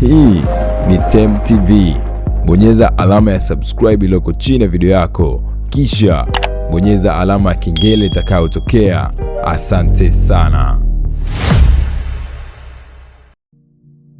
Hii ni Tem TV. Bonyeza alama ya subscribe iliyoko chini ya video yako, kisha bonyeza alama ya kengele itakayotokea. Asante sana.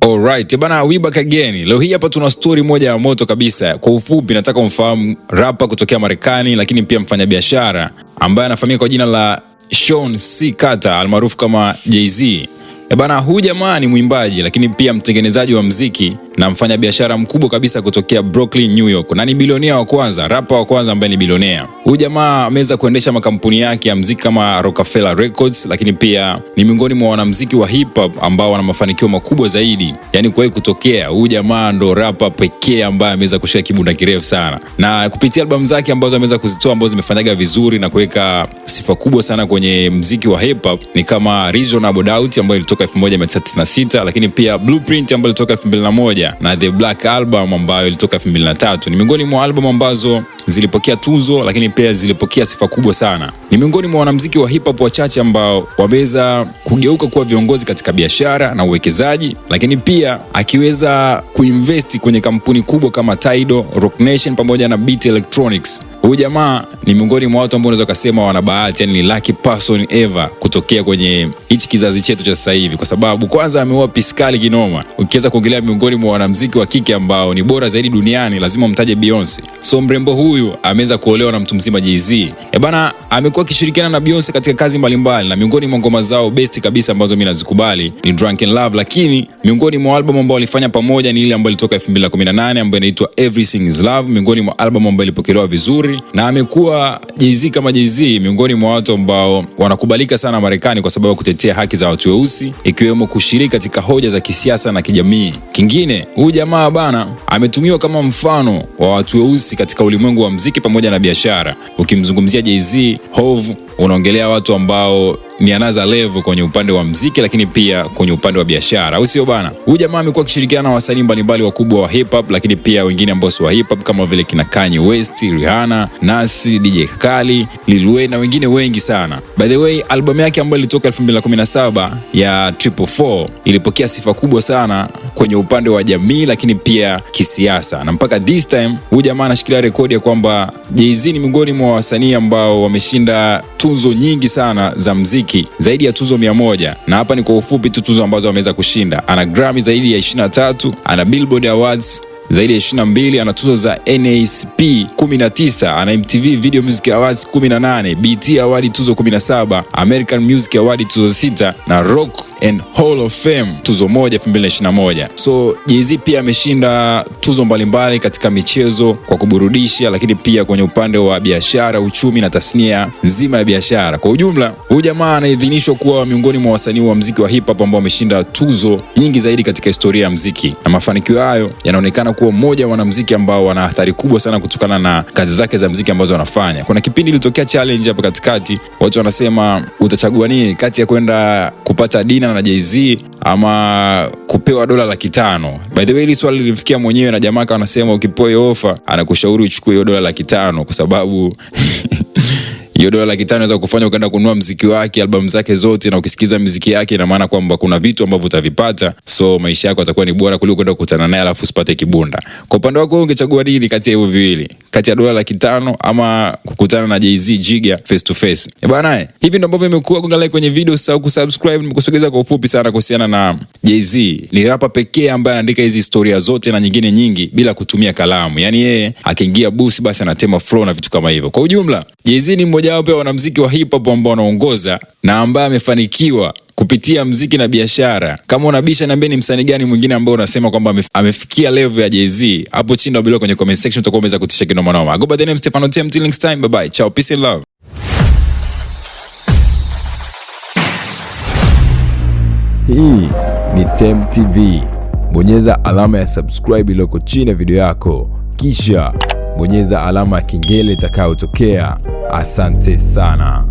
Alright, bana we back again. Leo hii hapa tuna story moja ya moto kabisa. Kwa ufupi, nataka umfahamu rapa kutokea Marekani, lakini pia mfanyabiashara ambaye anafahamika kwa jina la Sean C Carter almaarufu kama Jay-Z. E bana, huu jamaa ni mwimbaji lakini pia mtengenezaji wa mziki na mfanyabiashara mkubwa kabisa kutokea Brooklyn, New York, na ni bilionea wa kwanza, rapa wa kwanza ambaye ni bilionea. Huyu jamaa ameweza kuendesha makampuni yake ya mziki kama Rockefeller Records, lakini pia ni miongoni mwa wanamziki wa hip hop ambao wana mafanikio makubwa zaidi yani kuwahi kutokea. Huyu jamaa ndo rapa pekee ambaye ameweza kushika kibunda kirefu sana, na kupitia albamu zake ambazo ameweza kuzitoa ambazo zimefanyaga vizuri na kuweka sifa kubwa sana kwenye mziki wa hip hop ni kama Reasonable Doubt ambayo ilitoka 1996 lakini pia Blueprint ambayo ilitoka 2001 moja na The Black Album ambayo ilitoka 2003. Ni miongoni mwa albamu ambazo zilipokea tuzo, lakini pia zilipokea sifa kubwa sana. Ni miongoni mwa wanamuziki wa hip hop wachache ambao wameweza kugeuka kuwa viongozi katika biashara na uwekezaji, lakini pia akiweza kuinvest kwenye kampuni kubwa kama Tidal, Roc Nation pamoja na Beat Electronics. Huyu jamaa ni miongoni mwa watu ambao unaweza kusema wana bahati, yani ni lucky person ever kutokea kwenye hichi kizazi chetu cha sasa hivi, kwa sababu kwanza ameua piskali kinoma. Ukiweza kuongelea miongoni mwa wanamziki wa kike ambao ni bora zaidi duniani, lazima umtaje Beyonce. So mrembo huyu ameweza kuolewa na mtu mzima Jay-Z. Eh bana, amekuwa akishirikiana na Beyonce katika kazi mbalimbali, na miongoni mwa ngoma zao best kabisa ambazo mimi nazikubali ni Drunk in Love, lakini miongoni mwa albamu ambao walifanya pamoja ni ile ambayo ilitoka 2018 ambayo inaitwa Everything is Love, miongoni mwa albamu ambayo ilipokelewa vizuri na amekuwa jz kama jz miongoni mwa watu ambao wanakubalika sana Marekani kwa sababu ya kutetea haki za watu weusi, ikiwemo kushiriki katika hoja za kisiasa na kijamii. Kingine, huyu jamaa bana ametumiwa kama mfano wa watu weusi katika ulimwengu wa mziki pamoja na biashara. Ukimzungumzia jay Hov unaongelea watu ambao ni anaza level kwenye upande wa mziki, lakini pia kwenye upande wa biashara, au sio bana? Huyu jamaa amekuwa akishirikiana na wasanii mbalimbali wakubwa wa hip hop, lakini pia wengine ambao si wa hip hop kama vile kina Kanye West, Rihanna, Nas, DJ Kali, Lil Wayne na wengine wengi sana. By the way, albamu yake ambayo ilitoka 2017 ya Triple Four ilipokea sifa kubwa sana kwenye upande wa jamii, lakini pia kisiasa, na mpaka this time huyu jamaa anashikilia rekodi ya kwamba Jay-Z ni miongoni mwa wasanii ambao wameshinda tuzo nyingi sana za mziki, zaidi ya tuzo mia moja na hapa ni kwa ufupi tu tuzo ambazo ameweza kushinda. Ana Grammy zaidi ya 23, ana Billboard Awards zaidi ya 22, ana tuzo za NACP 19, ana MTV Video Music Awards 18, BT Award tuzo 17, American Music Award tuzo 6 na Rock and Hall of Fame tuzo moja 2021. So Jay-Z pia ameshinda tuzo mbalimbali katika michezo kwa kuburudisha, lakini pia kwenye upande wa biashara, uchumi na tasnia nzima ya biashara kwa ujumla. Huyu jamaa anaidhinishwa kuwa miongoni mwa wasanii wa mziki wa hip hop ambao wameshinda tuzo nyingi zaidi katika historia ya mziki, na mafanikio hayo yanaonekana kuwa mmoja wanamuziki ambao wana athari kubwa sana kutokana na kazi zake za muziki ambazo wanafanya. Kuna kipindi ilitokea challenge hapa katikati, watu wanasema utachagua nini kati ya kwenda kupata dina na Jay-Z ama kupewa dola laki tano. By the way, hili swali lilifikia mwenyewe na jamaa anasema ukipewa hiyo ofa anakushauri uchukue hiyo dola laki tano kwa sababu hiyo dola laki tano inaweza kufanya ukaenda kununua mziki wake albamu zake zote, na ukisikiza mziki yake, ina maana kwamba kuna vitu ambavyo utavipata, so maisha yako atakuwa ni bora kuliko kwenda kukutana naye alafu usipate kibunda. Kwa upande wako ungechagua nini kati ya hivyo viwili? kati ya dola laki tano ama kukutana na jz Jiga face to face. E eh, bana, hivi ndio ambavyo imekuwa. Gonga like kwenye video, usisahau kusubscribe. Nimekusogeza kwa ufupi sana kuhusiana na jz Ni rapa pekee ambaye anaandika hizi historia zote na nyingine nyingi bila kutumia kalamu, yaani yeye akiingia busi basi anatema flow na vitu kama hivyo. Kwa ujumla, jz ni mmoja wapo wa wanamuziki wa hip hop ambao wanaongoza na ambaye amefanikiwa kupitia mziki na biashara. Kama unabisha, niambie ni msanii gani mwingine ambao unasema kwamba amefikia level ya Jay-Z. Hapo chini bila kwenye comment section utakuwa umeweza kutisha kinoma noma. Go by the name Stefano TM till next time. Bye bye. Ciao. Peace and love. Hii ni Temu TV. Bonyeza alama ya subscribe iliyoko chini ya video yako, kisha bonyeza alama ya kengele itakayotokea. Asante sana.